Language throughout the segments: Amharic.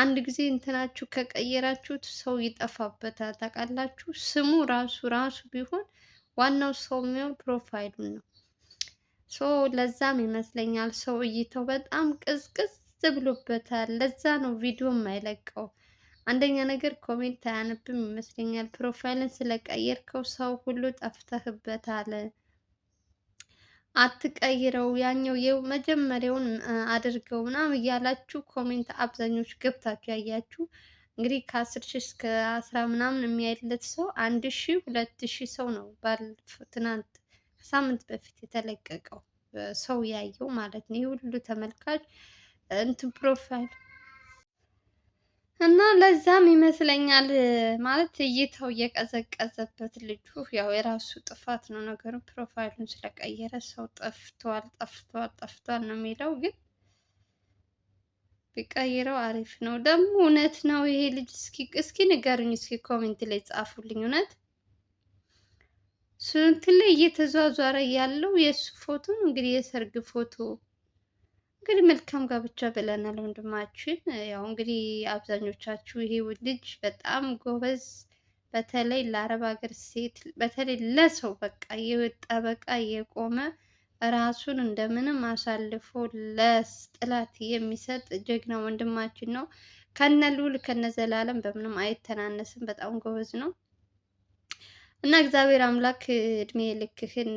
አንድ ጊዜ እንትናችሁ ከቀየራችሁት ሰው ይጠፋበታል። ታውቃላችሁ፣ ስሙ ራሱ ራሱ ቢሆን ዋናው ሰው የሚሆን ፕሮፋይሉን ነው። ሶ ለዛም ይመስለኛል ሰው እይተው በጣም ቅዝቅዝ ብሎበታል። ለዛ ነው ቪዲዮ የማይለቀው። አንደኛ ነገር ኮሜንት አያነብም ይመስለኛል። ፕሮፋይልን ስለቀየርከው ሰው ሁሉ ጠፍተህበታል። አትቀይረው ያኛው የመጀመሪያውን አድርገው ምናምን እያላችሁ ኮሜንት አብዛኞቹ ገብታችሁ ያያችሁ እንግዲህ ከአስር ሺህ እስከ አስራ ምናምን የሚያይለት ሰው አንድ ሺህ ሁለት ሺህ ሰው ነው። ባለፈው ትናንት ከሳምንት በፊት የተለቀቀው ሰው ያየው ማለት ነው። ይህ ሁሉ ተመልካች እንትን ፕሮፋይል እና ለዛም ይመስለኛል ማለት እይታው እየቀዘቀዘበት ልጁ ያው የራሱ ጥፋት ነው ነገሩ። ፕሮፋይሉን ስለቀየረ ሰው ጠፍቷል ጠፍቷል ጠፍቷል ነው የሚለው፣ ግን ቢቀይረው አሪፍ ነው። ደግሞ እውነት ነው ይሄ ልጅ እስኪ እስኪ ንገሩኝ፣ እስኪ ኮሜንት ላይ ጻፉልኝ። እውነት ስንት ላይ እየተዟዟረ ያለው የእሱ ፎቶ እንግዲህ የሰርግ ፎቶ እንግዲህ መልካም ጋብቻ ብለናል ወንድማችን። ያው እንግዲህ አብዛኞቻችሁ ይሄ ልጅ በጣም ጎበዝ፣ በተለይ ለአረብ ሀገር ሴት፣ በተለይ ለሰው በቃ የጠበቃ የቆመ ራሱን እንደምንም አሳልፎ ለጥላት የሚሰጥ ጀግና ወንድማችን ነው። ከነ ልዑል ከነ ዘላለም በምንም አይተናነስም። በጣም ጎበዝ ነው። እና እግዚአብሔር አምላክ እድሜ ልክህን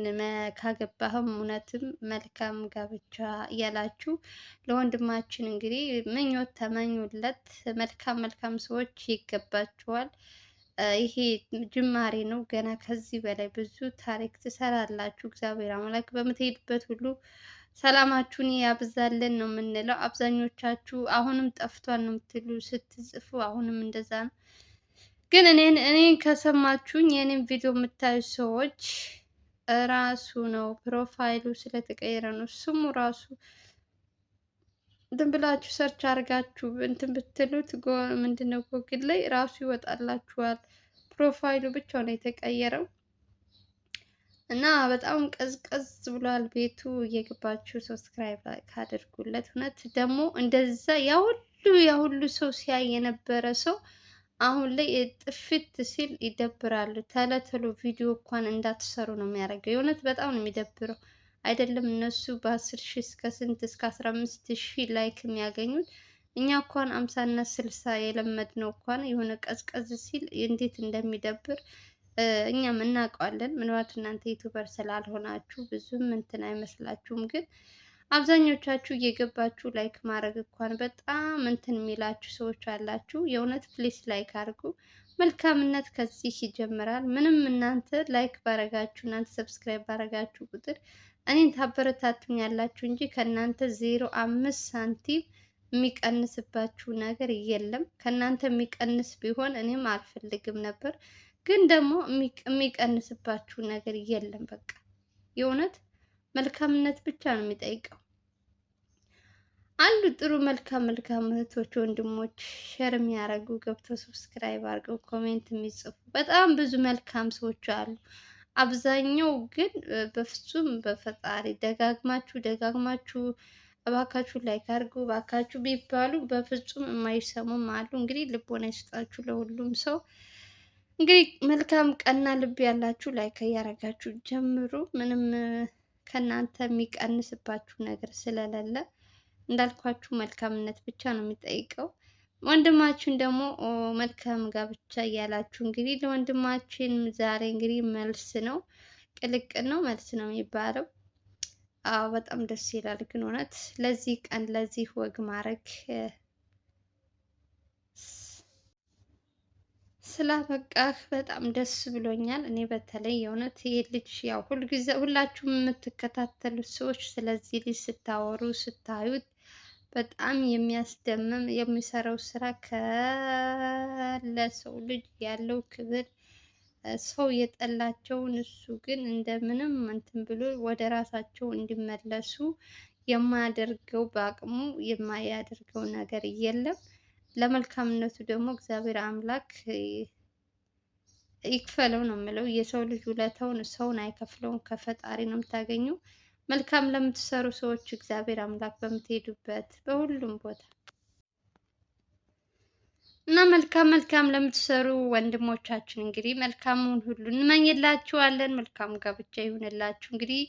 ካገባህም እውነትም መልካም ጋብቻ እያላችሁ ለወንድማችን እንግዲህ ምኞት ተመኙለት። መልካም መልካም ሰዎች ይገባችኋል። ይሄ ጅማሬ ነው። ገና ከዚህ በላይ ብዙ ታሪክ ትሰራላችሁ። እግዚአብሔር አምላክ በምትሄድበት ሁሉ ሰላማችሁን ያብዛልን ነው የምንለው። አብዛኞቻችሁ አሁንም ጠፍቷል ነው የምትሉ ስትጽፉ፣ አሁንም እንደዛ ነው። ግን እኔን እኔን ከሰማችሁኝ የእኔን ቪዲዮ የምታዩ ሰዎች ራሱ ነው ፕሮፋይሉ ስለተቀየረ ነው ስሙ ራሱ እንትን ብላችሁ ሰርች አድርጋችሁ እንትን ብትሉት ምንድነው ጎግል ላይ ራሱ ይወጣላችኋል። ፕሮፋይሉ ብቻ ነው የተቀየረው እና በጣም ቀዝቀዝ ብሏል ቤቱ። እየገባችሁ ሰብስክራይብ ካደርጉለት እውነት ደግሞ እንደዛ ያሁሉ ያሁሉ ሰው ሲያይ የነበረ ሰው አሁን ላይ ጥፍት ሲል ይደብራሉ። ተለተሎ ቪዲዮ እንኳን እንዳትሰሩ ነው የሚያደርገው። የእውነት በጣም ነው የሚደብረው። አይደለም እነሱ በአስር ሺህ እስከ ስንት እስከ አስራ አምስት ሺህ ላይክ የሚያገኙት እኛ እንኳን 60 ስልሳ የለመድነው እንኳን የሆነ ቀዝቀዝ ሲል እንዴት እንደሚደብር እኛም እናውቀዋለን። ምናልባት እናንተ ዩቱበር ስላልሆናችሁ ብዙም እንትን አይመስላችሁም ግን አብዛኞቻችሁ እየገባችሁ ላይክ ማድረግ እንኳን በጣም እንትን የሚላችሁ ሰዎች አላችሁ። የእውነት ፕሊስ ላይክ አድርጉ። መልካምነት ከዚህ ይጀምራል። ምንም እናንተ ላይክ ባረጋችሁ እናንተ ሰብስክራይብ ባረጋችሁ ቁጥር እኔን ታበረታቱኝ ያላችሁ እንጂ ከእናንተ ዜሮ አምስት ሳንቲም የሚቀንስባችሁ ነገር የለም። ከእናንተ የሚቀንስ ቢሆን እኔም አልፈልግም ነበር፣ ግን ደግሞ የሚቀንስባችሁ ነገር የለም። በቃ የእውነት መልካምነት ብቻ ነው የሚጠይቀው። አሉ ጥሩ መልካም መልካም እህቶች ወንድሞች፣ ሸር የሚያደርጉ ገብተው ሰብስክራይብ አድርገው ኮሜንት የሚጽፉ በጣም ብዙ መልካም ሰዎች አሉ። አብዛኛው ግን በፍጹም በፈጣሪ ደጋግማችሁ ደጋግማችሁ እባካችሁ ላይክ አድርጉ እባካችሁ ቢባሉ በፍጹም የማይሰሙም አሉ። እንግዲህ ልቦና ይስጣችሁ ለሁሉም ሰው። እንግዲህ መልካም ቀና ልብ ያላችሁ ላይክ እያደረጋችሁ ጀምሩ ምንም ከእናንተ የሚቀንስባችሁ ነገር ስለሌለ እንዳልኳችሁ መልካምነት ብቻ ነው የሚጠይቀው። ወንድማችን ደግሞ መልካም ጋብቻ እያላችሁ እንግዲህ ለወንድማችን ዛሬ እንግዲህ መልስ ነው፣ ቅልቅል ነው፣ መልስ ነው የሚባለው። አዎ በጣም ደስ ይላል። ግን እውነት ለዚህ ቀን ለዚህ ወግ ማድረግ ስላበቃህ በጣም ደስ ብሎኛል። እኔ በተለይ የእውነት ይህ ልጅ ያው ሁልጊዜ ሁላችሁም የምትከታተሉት ሰዎች ስለዚህ ልጅ ስታወሩ ስታዩት በጣም የሚያስደምም የሚሰራው ስራ ከለሰው ልጅ ያለው ክብር ሰው የጠላቸውን እሱ ግን እንደምንም እንትን ብሎ ወደ ራሳቸው እንዲመለሱ የማያደርገው በአቅሙ የማያደርገው ነገር የለም። ለመልካምነቱ ደግሞ እግዚአብሔር አምላክ ይክፈለው ነው የምለው። የሰው ልጅ ውለታውን ሰውን አይከፍለውም፣ ከፈጣሪ ነው የምታገኘው። መልካም ለምትሰሩ ሰዎች እግዚአብሔር አምላክ በምትሄዱበት በሁሉም ቦታ እና መልካም መልካም ለምትሰሩ ወንድሞቻችን እንግዲህ መልካሙን ሁሉ እንመኝላችኋለን። መልካም ጋብቻ ይሁንላችሁ። እንግዲህ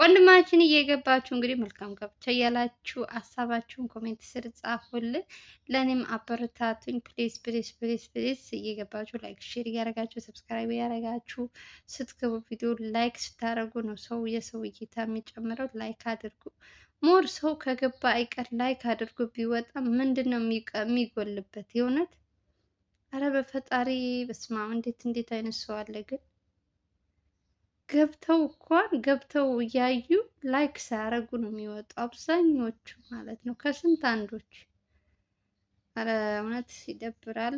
ወንድማችን እየገባችሁ እንግዲህ መልካም ጋብቻ እያላችሁ ሀሳባችሁን ኮሜንት ስር ጻፉልን። ለእኔም አበረታቱኝ ፕሌስ ፕሌስ ፕሌስ ፕሌስ። እየገባችሁ ላይክ፣ ሼር እያደረጋችሁ ሰብስክራይብ እያደረጋችሁ ስትገቡ ቪዲዮ ላይክ ስታደርጉ ነው ሰው የሰው እይታ የሚጨምረው። ላይክ አድርጉ። ሞር ሰው ከገባ አይቀር ላይክ አድርጎ ቢወጣ ምንድን ነው የሚጎልበት የእውነት በፈጣሪ በስመ እንዴት እንዴት አይነት ሰው አለ ግን ገብተው እንኳን ገብተው እያዩ ላይክ ሳያደርጉ ነው የሚወጡ አብዛኞቹ ማለት ነው። ከስንት አንዶች። አረ እውነት ይደብራል።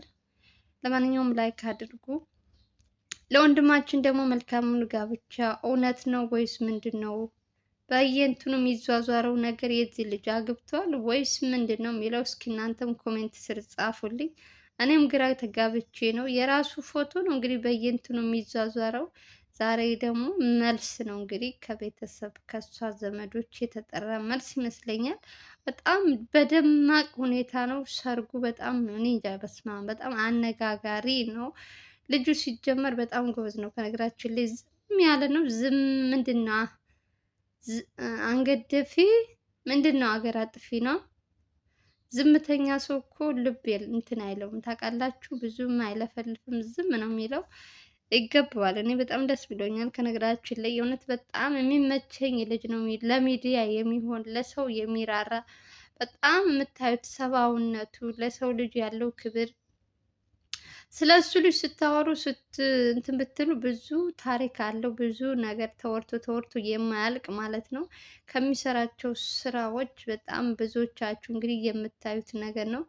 ለማንኛውም ላይክ አድርጉ። ለወንድማችን ደግሞ መልካሙን ጋብቻ። እውነት ነው ወይስ ምንድን ነው? በየእንትኑ የሚዟዟረው ነገር የዚህ ልጅ አግብቷል ወይስ ምንድን ነው የሚለው እስኪ እናንተም ኮሜንት ስር ጻፉልኝ። እኔም ግራ ተጋብቼ ነው። የራሱ ፎቶ ነው እንግዲህ በየእንትኑ የሚዟዟረው። ዛሬ ደግሞ መልስ ነው እንግዲህ ከቤተሰብ ከእሷ ዘመዶች የተጠራ መልስ ይመስለኛል። በጣም በደማቅ ሁኔታ ነው ሰርጉ። በጣም እኔ እንጃ በጣም አነጋጋሪ ነው። ልጁ ሲጀመር በጣም ጎበዝ ነው። ከነገራችን ላይ ዝም ያለ ነው። ዝም ምንድን ነው ምንድን ነው አገር አጥፊ ነው። ዝምተኛ ሰው እኮ ልብ እንትን አይለውም ታውቃላችሁ፣ ብዙም አይለፈልፍም፣ ዝም ነው የሚለው። ይገባዋል። እኔ በጣም ደስ ብሎኛል። ከነገራችን ላይ የእውነት በጣም የሚመቸኝ ልጅ ነው። ለሚዲያ የሚሆን ለሰው የሚራራ በጣም የምታዩት ሰብአውነቱ ለሰው ልጅ ያለው ክብር ስለ እሱ ልጅ ስታወሩ ስት እንትን ብትሉ ብዙ ታሪክ አለው። ብዙ ነገር ተወርቶ ተወርቶ የማያልቅ ማለት ነው። ከሚሰራቸው ስራዎች በጣም ብዙዎቻችሁ እንግዲህ የምታዩት ነገር ነው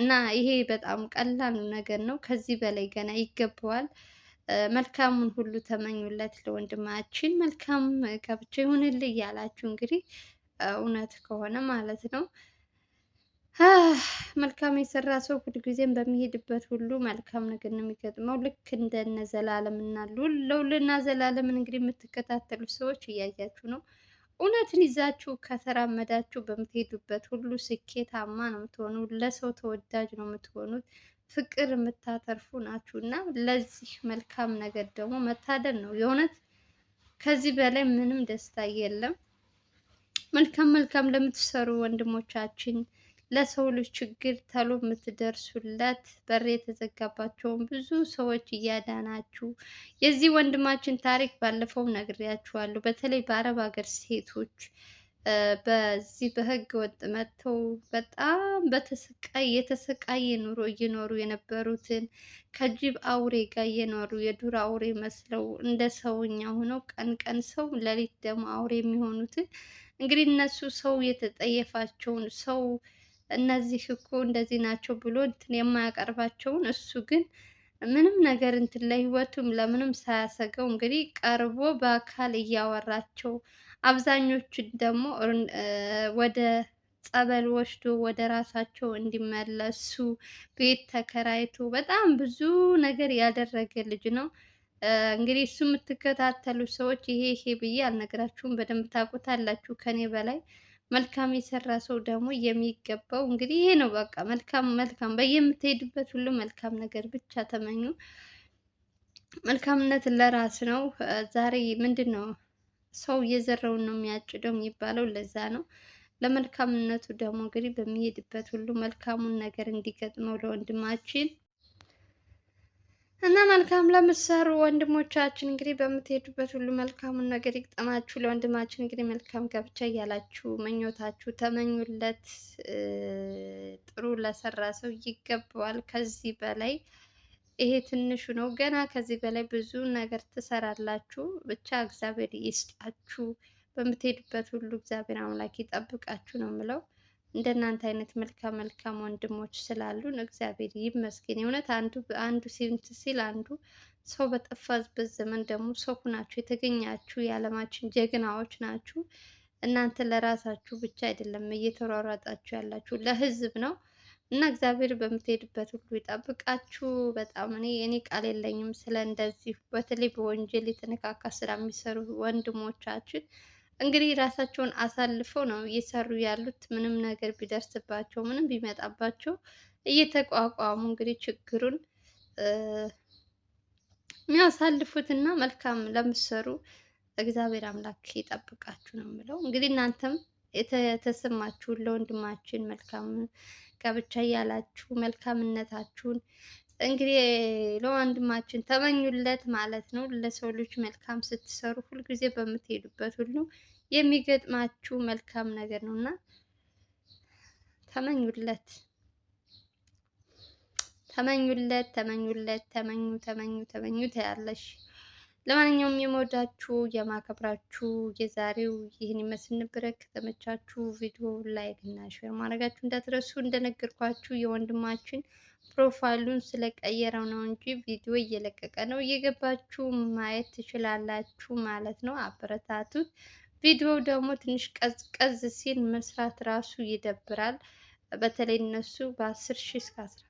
እና ይሄ በጣም ቀላል ነገር ነው። ከዚህ በላይ ገና ይገባዋል። መልካሙን ሁሉ ተመኙለት ለወንድማችን። መልካም ጋብቻ ይሁንልህ እያላችሁ እንግዲህ እውነት ከሆነ ማለት ነው መልካም የሰራ ሰው ሁልጊዜም በሚሄድበት ሁሉ መልካም ነገር ነው የሚገጥመው። ልክ እንደነ ዘላለም እና እና ዘላለምን እንግዲህ የምትከታተሉ ሰዎች እያያችሁ ነው። እውነትን ይዛችሁ ከተራመዳችሁ በምትሄዱበት ሁሉ ስኬታማ ነው የምትሆኑ። ለሰው ተወዳጅ ነው የምትሆኑት። ፍቅር የምታተርፉ ናችሁ እና ለዚህ መልካም ነገር ደግሞ መታደል ነው የእውነት። ከዚህ በላይ ምንም ደስታ የለም። መልካም መልካም ለምትሰሩ ወንድሞቻችን ለሰው ልጅ ችግር ተሎ የምትደርሱለት በር የተዘጋባቸውን ብዙ ሰዎች እያዳናችሁ የዚህ ወንድማችን ታሪክ ባለፈው ነግሬያችኋለሁ። በተለይ በአረብ ሀገር ሴቶች በዚህ በህገ ወጥ መጥተው በጣም በተሰቃይ የተሰቃየ ኑሮ እየኖሩ የነበሩትን ከጅብ አውሬ ጋር እየኖሩ የዱር አውሬ መስለው እንደ ሰውኛ ሆነው ቀን ቀን ሰው ለሊት ደግሞ አውሬ የሚሆኑትን እንግዲህ እነሱ ሰው የተጠየፋቸውን ሰው እነዚህ እኮ እንደዚህ ናቸው ብሎ እንትን የማያቀርባቸውን እሱ ግን ምንም ነገር እንትን ለህይወቱም ለምንም ሳያሰገው እንግዲህ ቀርቦ በአካል እያወራቸው አብዛኞቹን ደግሞ ወደ ጸበል ወስዶ ወደ ራሳቸው እንዲመለሱ ቤት ተከራይቶ በጣም ብዙ ነገር ያደረገ ልጅ ነው። እንግዲህ እሱ የምትከታተሉ ሰዎች ይሄ ይሄ ብዬ አልነግራችሁም፣ በደንብ ታውቁታላችሁ ከኔ በላይ መልካም የሰራ ሰው ደግሞ የሚገባው እንግዲህ ይሄ ነው። በቃ መልካም መልካም በየምትሄድበት ሁሉ መልካም ነገር ብቻ ተመኙ። መልካምነት ለራስ ነው። ዛሬ ምንድን ነው ሰው የዘራውን ነው የሚያጭደው የሚባለው ለዛ ነው። ለመልካምነቱ ደግሞ እንግዲህ በሚሄድበት ሁሉ መልካሙን ነገር እንዲገጥመው ለወንድማችን እና መልካም ለምትሰሩ ወንድሞቻችን እንግዲህ በምትሄዱበት ሁሉ መልካሙን ነገር ይግጠማችሁ። ለወንድማችን እንግዲህ መልካም ጋብቻ እያላችሁ መኞታችሁ ተመኙለት። ጥሩ ለሰራ ሰው ይገባዋል። ከዚህ በላይ ይሄ ትንሹ ነው። ገና ከዚህ በላይ ብዙ ነገር ትሰራላችሁ። ብቻ እግዚአብሔር ይስጣችሁ። በምትሄዱበት ሁሉ እግዚአብሔር አምላክ ይጠብቃችሁ ነው የምለው። እንደናንተ አይነት መልካም መልካም ወንድሞች ስላሉን እግዚአብሔር ይመስገን። የእውነት አንዱ በአንዱ ሲንት ሲል አንዱ ሰው በጠፋበት ዘመን ደግሞ ሰው ሁናችሁ የተገኛችሁ የዓለማችን ጀግናዎች ናችሁ። እናንተ ለራሳችሁ ብቻ አይደለም እየተሯሯጣችሁ ያላችሁ ለህዝብ ነው እና እግዚአብሔር በምትሄድበት ሁሉ ይጠብቃችሁ። በጣም እኔ እኔ ቃል የለኝም ስለ እንደዚህ በተለይ በወንጀል የተነካካ ስራ የሚሰሩ ወንድሞቻችን እንግዲህ ራሳቸውን አሳልፈው ነው እየሰሩ ያሉት። ምንም ነገር ቢደርስባቸው፣ ምንም ቢመጣባቸው እየተቋቋሙ እንግዲህ ችግሩን የሚያሳልፉትና መልካም ለምትሰሩ እግዚአብሔር አምላክ ይጠብቃችሁ ነው የምለው። እንግዲህ እናንተም የተሰማችሁን ለወንድማችን መልካም ጋብቻ እያላችሁ መልካምነታችሁን እንግዲህ ለወንድማችን ተመኙለት ማለት ነው። ለሰው ልጅ መልካም ስትሰሩ ሁልጊዜ በምትሄዱበት ሁሉ የሚገጥማችሁ መልካም ነገር ነው እና ተመኙለት፣ ተመኙለት፣ ተመኙለት፣ ተመኙ፣ ተመኙ፣ ተመኙ ትያለሽ። ለማንኛውም የመወዳችሁ የማከብራችሁ የዛሬው ይህን ይመስል ነበረ። ከተመቻችሁ ቪዲዮ ላይክ እና ሼር ማድረጋችሁ እንዳትረሱ። እንደነገርኳችሁ የወንድማችን ፕሮፋይሉን ስለቀየረው ነው እንጂ ቪዲዮ እየለቀቀ ነው። እየገባችሁ ማየት ትችላላችሁ ማለት ነው። አበረታቱት። ቪዲዮው ደግሞ ትንሽ ቀዝቀዝ ሲል መስራት ራሱ ይደብራል። በተለይ እነሱ በ10 ሺህ እስከ 10